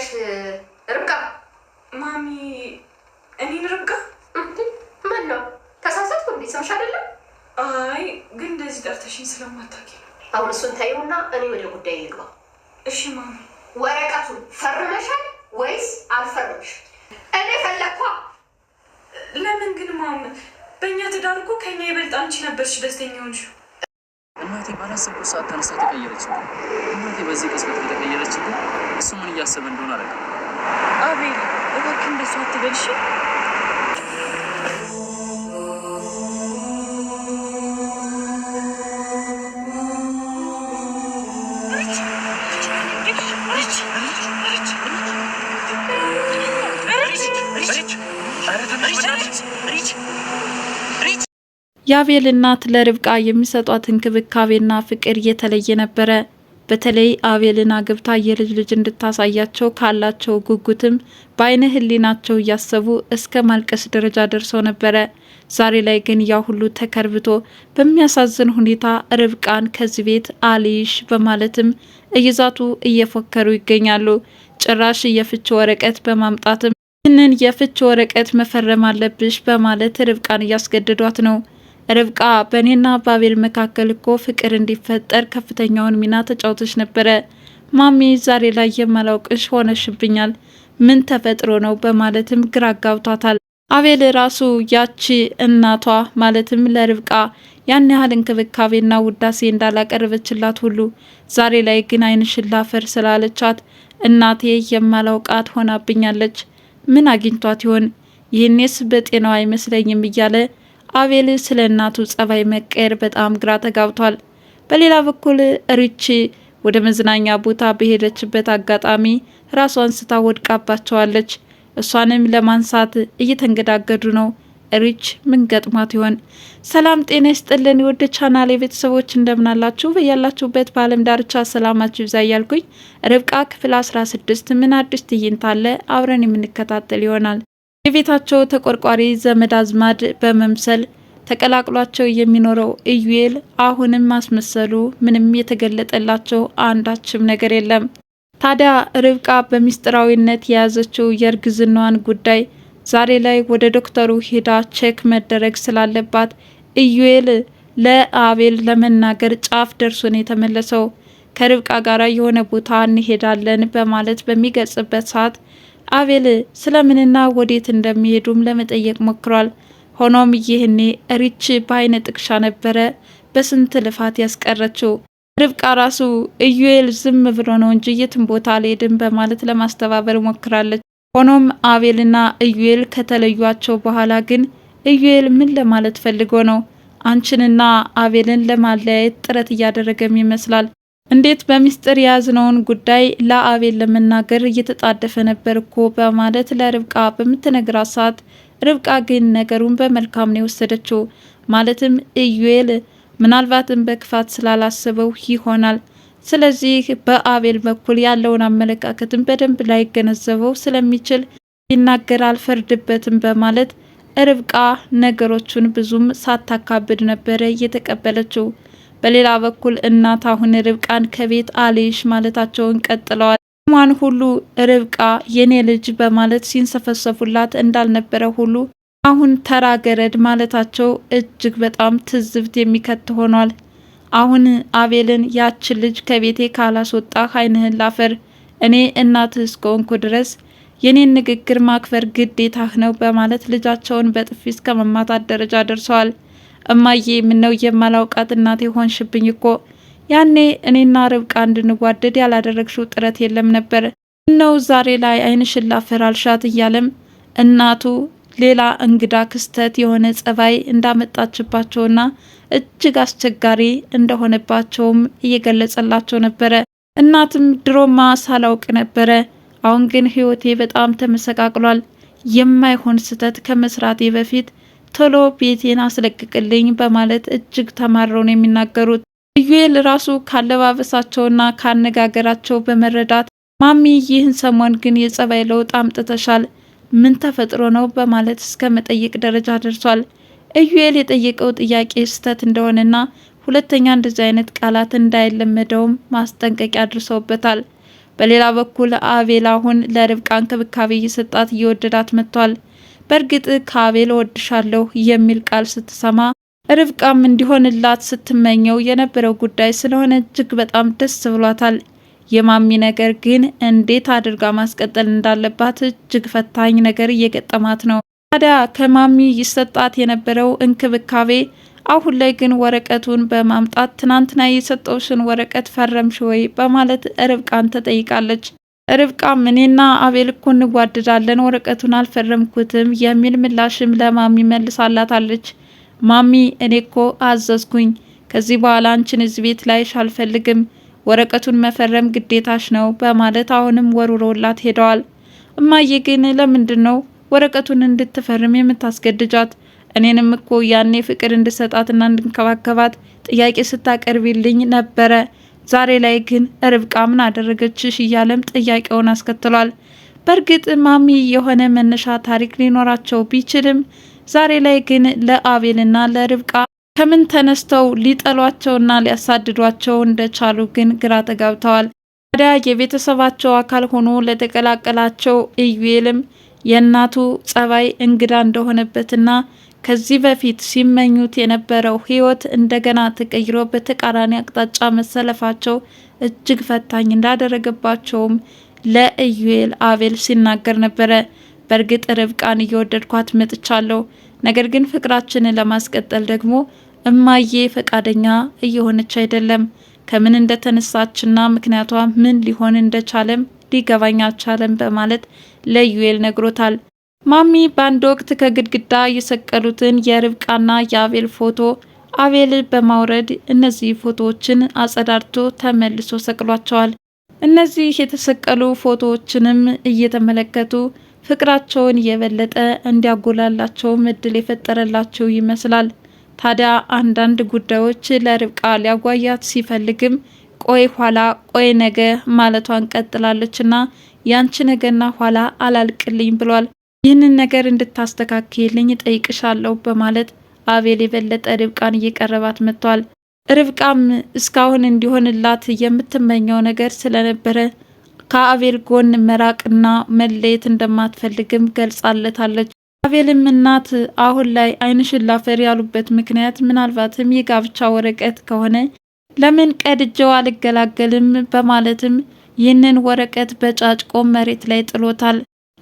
ብለሽ ርብቃ ማሚ እኔን ርብቃ ምን ነው ተሳሳትኩ እንዴ? ስምሽ አይደለም። አይ ግን እንደዚህ ጠርተሽኝ ስለማታውቂ አሁን እሱን ታየውና እኔ ወደ ጉዳይ ይግባ። እሺ ማሚ ወረቀቱን ፈርመሻል ወይስ አልፈርምሽ? እኔ ፈለግኳ። ለምን ግን ማም፣ በእኛ ትዳር ከኛ ይበልጥ አንቺ ነበርሽ ደስተኛ ሆንሽ። እናቴ ባላሰብኩት ሰዓት ተነሳ ተቀየረች። እናቴ በዚህ ቅጽበት ከተቀየረች እሱ ምን እያሰበ እንደሆነ አለ። አቤል እባክህ እንደሱ አትበልሽ። የአቤል እናት ለርብቃ የሚሰጧት እንክብካቤና ፍቅር እየተለየ ነበረ። በተለይ አቤልን አግብታ የልጅ ልጅ እንድታሳያቸው ካላቸው ጉጉትም በአይነ ህሊናቸው እያሰቡ እስከ ማልቀስ ደረጃ ደርሰው ነበረ። ዛሬ ላይ ግን ያ ሁሉ ተከርብቶ በሚያሳዝን ሁኔታ ርብቃን ከዚህ ቤት አልይሽ በማለትም እይዛቱ እየፎከሩ ይገኛሉ። ጭራሽ የፍች ወረቀት በማምጣትም ይህንን የፍች ወረቀት መፈረም አለብሽ በማለት ርብቃን እያስገድዷት ነው። ርብቃ በእኔና በአቤል መካከል እኮ ፍቅር እንዲፈጠር ከፍተኛውን ሚና ተጫውተች ነበረ። ማሚ ዛሬ ላይ የማላውቅሽ ሆነሽብኛል፣ ምን ተፈጥሮ ነው በማለትም ግራ ጋብቷታል። አቤል ራሱ ያቺ እናቷ ማለትም ለርብቃ ያን ያህል እንክብካቤና ውዳሴ እንዳላቀረበችላት ሁሉ ዛሬ ላይ ግን ዓይንሽን ላፈር ስላለቻት እናቴ የማላውቃት ሆናብኛለች፣ ምን አግኝቷት ይሆን? ይህኔስ በጤናዋ አይመስለኝም እያለ አቤል ስለ እናቱ ጸባይ መቀየር በጣም ግራ ተጋብቷል። በሌላ በኩል ሪች ወደ መዝናኛ ቦታ በሄደችበት አጋጣሚ ራሷን ስታ ወድቃባቸዋለች። እሷንም ለማንሳት እየተንገዳገዱ ነው። ሪች ምን ገጥሟት ይሆን? ሰላም ጤና ይስጥልን ወደ ቻናል የቤተሰቦች እንደምናላችሁ በያላችሁበት በዓለም ዳርቻ ሰላማችሁ ይብዛ እያልኩኝ ርብቃ ክፍል 16 ስድስት ምን አዲስ ትዕይንት አለ አብረን የምንከታተል ይሆናል። የቤታቸው ተቆርቋሪ ዘመድ አዝማድ በመምሰል ተቀላቅሏቸው የሚኖረው ኢዩኤል አሁንም ማስመሰሉ ምንም የተገለጠላቸው አንዳችም ነገር የለም። ታዲያ ርብቃ በሚስጥራዊነት የያዘችው የእርግዝናዋን ጉዳይ ዛሬ ላይ ወደ ዶክተሩ ሄዳ ቼክ መደረግ ስላለባት ኢዩኤል ለአቤል ለመናገር ጫፍ ደርሶ ነው የተመለሰው። ከርብቃ ጋር የሆነ ቦታ እንሄዳለን በማለት በሚገጽበት ሰዓት አቤል ስለምንና ወዴት እንደሚሄዱም ለመጠየቅ ሞክሯል። ሆኖም ይህኔ ሪች በአይነ ጥቅሻ ነበረ በስንት ልፋት ያስቀረችው። ርብቃ ራሱ ኢዩኤል ዝም ብሎ ነው እንጂ የትም ቦታ አልሄድም በማለት ለማስተባበር ሞክራለች። ሆኖም አቤልና ኢዩኤል ከተለዩቸው በኋላ ግን ኢዩኤል ምን ለማለት ፈልጎ ነው አንችንና አቤልን ለማለያየት ጥረት እያደረገም ይመስላል። እንዴት በሚስጥር የያዝነውን ጉዳይ ለአቤል ለመናገር እየተጣደፈ ነበር እኮ በማለት ለርብቃ በምትነግራት ሰዓት ርብቃ ግን ነገሩን በመልካም ነው የወሰደችው። ማለትም ኢዩኤል ምናልባትም በክፋት ስላላሰበው ይሆናል። ስለዚህ በአቤል በኩል ያለውን አመለካከትን በደንብ ላይገነዘበው ስለሚችል ይናገር አልፈርድበትም በማለት ርብቃ ነገሮቹን ብዙም ሳታካብድ ነበረ እየተቀበለችው። በሌላ በኩል እናት አሁን ርብቃን ከቤት አልይሽ ማለታቸውን ቀጥለዋል። ማን ሁሉ ርብቃ የኔ ልጅ በማለት ሲንሰፈሰፉላት እንዳልነበረ ሁሉ አሁን ተራ ገረድ ማለታቸው እጅግ በጣም ትዝብት የሚከት ሆኗል። አሁን አቤልን ያችን ልጅ ከቤቴ ካላስወጣህ ዓይንህን ላፈር፣ እኔ እናትህ እስከሆንኩ ድረስ የኔን ንግግር ማክበር ግዴታህ ነው በማለት ልጃቸውን በጥፊ እስከ መማታት ደረጃ ደርሰዋል። እማዬ ምነው የማላውቃት እናቴ ሆንሽብኝ እኮ ያኔ እኔና ርብቃ እንድንዋደድ ያላደረግሽው ጥረት የለም ነበር እነው ዛሬ ላይ ዓይንሽን ላፈር አልሻት እያለም እናቱ ሌላ እንግዳ ክስተት የሆነ ጸባይ እንዳመጣችባቸውና እጅግ አስቸጋሪ እንደሆነባቸውም እየገለጸላቸው ነበረ። እናትም ድሮማ ሳላውቅ ነበረ፣ አሁን ግን ሕይወቴ በጣም ተመሰቃቅሏል። የማይሆን ስህተት ከመስራቴ በፊት ቶሎ ቤቴን አስለቅቅልኝ በማለት እጅግ ተማረው ነው የሚናገሩት። ኢዩኤል ራሱ ካለባበሳቸውና ካነጋገራቸው በመረዳት ማሚ ይህን ሰሞን ግን የጸባይ ለውጥ አምጥተሻል፣ ምን ተፈጥሮ ነው በማለት እስከ መጠየቅ ደረጃ ደርሷል። ኢዩኤል የጠየቀው ጥያቄ ስህተት እንደሆነና ሁለተኛ እንደዚህ አይነት ቃላት እንዳይለመደውም ማስጠንቀቂያ አድርሰውበታል። በሌላ በኩል አቤል አሁን ለርብቃ እንክብካቤ እየሰጣት እየወደዳት መጥቷል። በእርግጥ ካቤል እወድሻለሁ የሚል ቃል ስትሰማ ርብቃም እንዲሆንላት ስትመኘው የነበረው ጉዳይ ስለሆነ እጅግ በጣም ደስ ብሏታል። የማሚ ነገር ግን እንዴት አድርጋ ማስቀጠል እንዳለባት እጅግ ፈታኝ ነገር እየገጠማት ነው። ታዲያ ከማሚ ይሰጣት የነበረው እንክብካቤ አሁን ላይ ግን ወረቀቱን በማምጣት ትናንትና የሰጠውሽን ወረቀት ፈረምሽ ወይ በማለት ርብቃን ተጠይቃለች። ርብቃም እኔና አቤል እኮ እንጓድዳለን ወረቀቱን አልፈረምኩትም የሚል ምላሽም ለማሚ መልሳላታለች። ማሚ እኔ እኮ አዘዝኩኝ፣ ከዚህ በኋላ አንቺን እዚህ ቤት ላይሽ አልፈልግም፣ ወረቀቱን መፈረም ግዴታሽ ነው በማለት አሁንም ወርውረውላት ሄደዋል። እማዬ ግን ለምንድን ነው ወረቀቱን እንድትፈርም የምታስገድጃት? እኔንም እኮ ያኔ ፍቅር እንድሰጣትና እንድንከባከባት ጥያቄ ስታቀርቢልኝ ነበረ ዛሬ ላይ ግን ርብቃ ምን አደረገችሽ እያለም ጥያቄውን አስከትሏል። በእርግጥ ማሚ የሆነ መነሻ ታሪክ ሊኖራቸው ቢችልም ዛሬ ላይ ግን ለአቤልና ለርብቃ ከምን ተነስተው ሊጠሏቸውና ሊያሳድዷቸው እንደቻሉ ግን ግራ ተጋብተዋል። ታዲያ የቤተሰባቸው አካል ሆኖ ለተቀላቀላቸው ኢዩኤልም የእናቱ ጸባይ እንግዳ እንደሆነበትና ከዚህ በፊት ሲመኙት የነበረው ህይወት እንደገና ተቀይሮ በተቃራኒ አቅጣጫ መሰለፋቸው እጅግ ፈታኝ እንዳደረገባቸውም ለኢዩኤል አቤል ሲናገር ነበረ። በእርግጥ ርብቃን እየወደድኳት መጥቻለሁ፣ ነገር ግን ፍቅራችንን ለማስቀጠል ደግሞ እማዬ ፈቃደኛ እየሆነች አይደለም። ከምን እንደተነሳችና ምክንያቷ ምን ሊሆን እንደቻለም ሊገባኝ አልቻለም በማለት ለዩኤል ነግሮታል። ማሚ በአንድ ወቅት ከግድግዳ የሰቀሉትን የርብቃና የአቤል ፎቶ አቤል በማውረድ እነዚህ ፎቶዎችን አጸዳድቶ ተመልሶ ሰቅሏቸዋል። እነዚህ የተሰቀሉ ፎቶዎችንም እየተመለከቱ ፍቅራቸውን የበለጠ እንዲያጎላላቸውም እድል የፈጠረላቸው ይመስላል። ታዲያ አንዳንድ ጉዳዮች ለርብቃ ሊያጓያት ሲፈልግም ቆይ ኋላ ቆይ ነገ ማለቷን ቀጥላለችና ያንቺ ነገና ኋላ አላልቅልኝ ብሏል። ይህንን ነገር እንድታስተካክልኝ ጠይቅሻለሁ በማለት አቤል የበለጠ ርብቃን እየቀረባት መጥቷል። ርብቃም እስካሁን እንዲሆንላት የምትመኘው ነገር ስለነበረ ከአቤል ጎን መራቅና መለየት እንደማትፈልግም ገልጻለታለች። አቤልም እናት አሁን ላይ ዓይንሽን ላፈር ያሉበት ምክንያት ምናልባትም የጋብቻ ወረቀት ከሆነ ለምን ቀድጀው አልገላገልም በማለትም ይህንን ወረቀት በጫጭቆ መሬት ላይ ጥሎታል።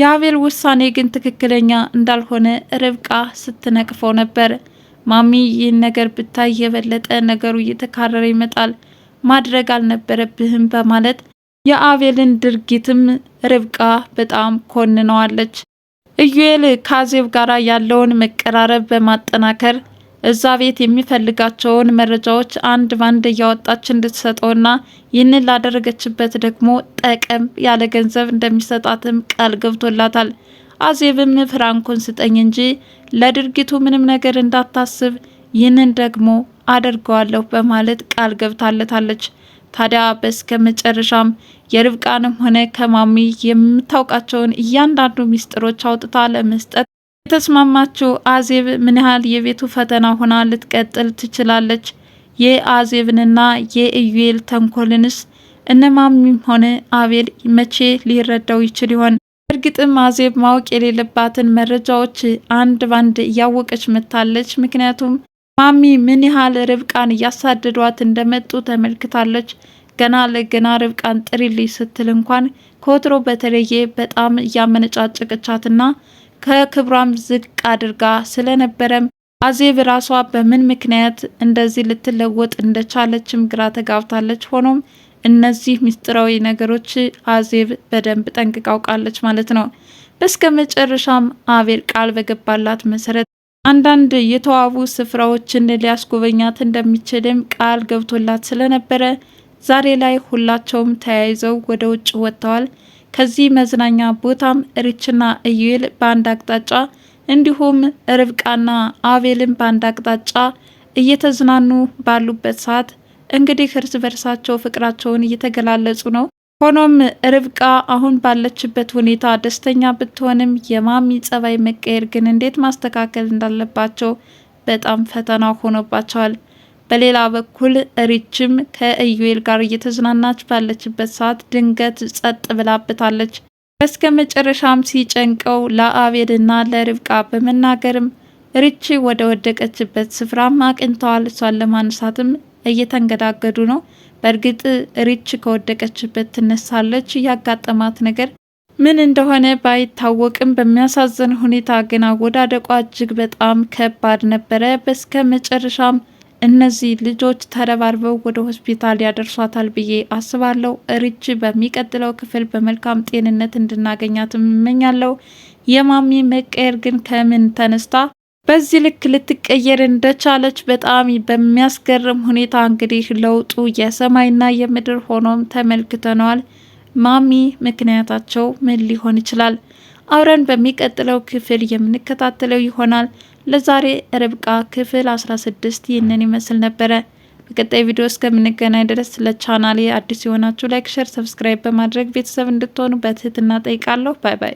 የአቤል ውሳኔ ግን ትክክለኛ እንዳልሆነ ርብቃ ስትነቅፈው ነበር። ማሚ ይህን ነገር ብታይ የበለጠ ነገሩ እየተካረረ ይመጣል፣ ማድረግ አልነበረብህም በማለት የአቤልን ድርጊትም ርብቃ በጣም ኮንነዋለች። ኢዩኤል ካዜብ ጋር ያለውን መቀራረብ በማጠናከር እዛ ቤት የሚፈልጋቸውን መረጃዎች አንድ ባንድ እያወጣች እንድትሰጠውና ይህንን ላደረገችበት ደግሞ ጠቀም ያለ ገንዘብ እንደሚሰጣትም ቃል ገብቶላታል። አዜብም ፍራንኮን ስጠኝ እንጂ ለድርጊቱ ምንም ነገር እንዳታስብ፣ ይህንን ደግሞ አደርገዋለሁ በማለት ቃል ገብታለታለች። ታዲያ በስከ መጨረሻም የርብቃንም ሆነ ከማሚ የምታውቃቸውን እያንዳንዱ ሚስጥሮች አውጥታ ለመስጠት ተስማማችው አዜብ ምን ያህል የቤቱ ፈተና ሆና ልትቀጥል ትችላለች? የአዜብንና የኢዩኤል ተንኮልንስ እነማሚም ሆነ አቤል መቼ ሊረዳው ይችል ይሆን? እርግጥም አዜብ ማወቅ የሌለባትን መረጃዎች አንድ ባንድ እያወቀች መታለች። ምክንያቱም ማሚ ምን ያህል ርብቃን እያሳደዷት እንደመጡ ተመልክታለች። ገና ለገና ርብቃን ጥሪልኝ ስትል እንኳን ከወትሮ በተለየ በጣም እያመነጫጨቀቻትና ከክብሯም ዝቅ አድርጋ ስለነበረም አዜብ ራሷ በምን ምክንያት እንደዚህ ልትለወጥ እንደቻለችም ግራ ተጋብታለች። ሆኖም እነዚህ ምስጢራዊ ነገሮች አዜብ በደንብ ጠንቅቃ አውቃለች ማለት ነው። በስከ መጨረሻም አቤል ቃል በገባላት መሰረት አንዳንድ የተዋቡ ስፍራዎችን ሊያስጎበኛት እንደሚችልም ቃል ገብቶላት ስለነበረ ዛሬ ላይ ሁላቸውም ተያይዘው ወደ ውጭ ወጥተዋል። ከዚህ መዝናኛ ቦታም ሪችና ኢዩኤል በአንድ አቅጣጫ እንዲሁም ርብቃና አቤልን በአንድ አቅጣጫ እየተዝናኑ ባሉበት ሰዓት እንግዲህ እርስ በርሳቸው ፍቅራቸውን እየተገላለጹ ነው። ሆኖም ርብቃ አሁን ባለችበት ሁኔታ ደስተኛ ብትሆንም የማሚ ጸባይ መቀየር ግን እንዴት ማስተካከል እንዳለባቸው በጣም ፈተና ሆኖባቸዋል። በሌላ በኩል ሪችም ከኢዩኤል ጋር እየተዝናናች ባለችበት ሰዓት ድንገት ጸጥ ብላበታለች። እስከ መጨረሻም ሲጨንቀው ለአቤልና ለርብቃ በመናገርም ሪች ወደ ወደቀችበት ስፍራም አቅንተዋል። እሷን ለማንሳትም እየተንገዳገዱ ነው። በእርግጥ ሪች ከወደቀችበት ትነሳለች። ያጋጠማት ነገር ምን እንደሆነ ባይታወቅም በሚያሳዝን ሁኔታ ግን አወዳደቋ እጅግ በጣም ከባድ ነበረ። በስከ መጨረሻም እነዚህ ልጆች ተረባርበው ወደ ሆስፒታል ያደርሷታል ብዬ አስባለሁ። ሪች በሚቀጥለው ክፍል በመልካም ጤንነት እንድናገኛት እመኛለሁ። የማሚ መቀየር ግን ከምን ተነስታ በዚህ ልክ ልትቀየር እንደቻለች በጣም በሚያስገርም ሁኔታ እንግዲህ ለውጡ የሰማይና የምድር ሆኖም ተመልክተነዋል። ማሚ ምክንያታቸው ምን ሊሆን ይችላል? አብረን በሚቀጥለው ክፍል የምንከታተለው ይሆናል። ለዛሬ ርብቃ ክፍል 16 ይህንን ይመስል ነበረ። በቀጣይ ቪዲዮ እስከምንገናኝ ድረስ ለቻናሌ አዲስ የሆናችሁ ላይክ፣ ሸር፣ ሰብስክራይብ በማድረግ ቤተሰብ እንድትሆኑ በትህትና ጠይቃለሁ። ባይ ባይ።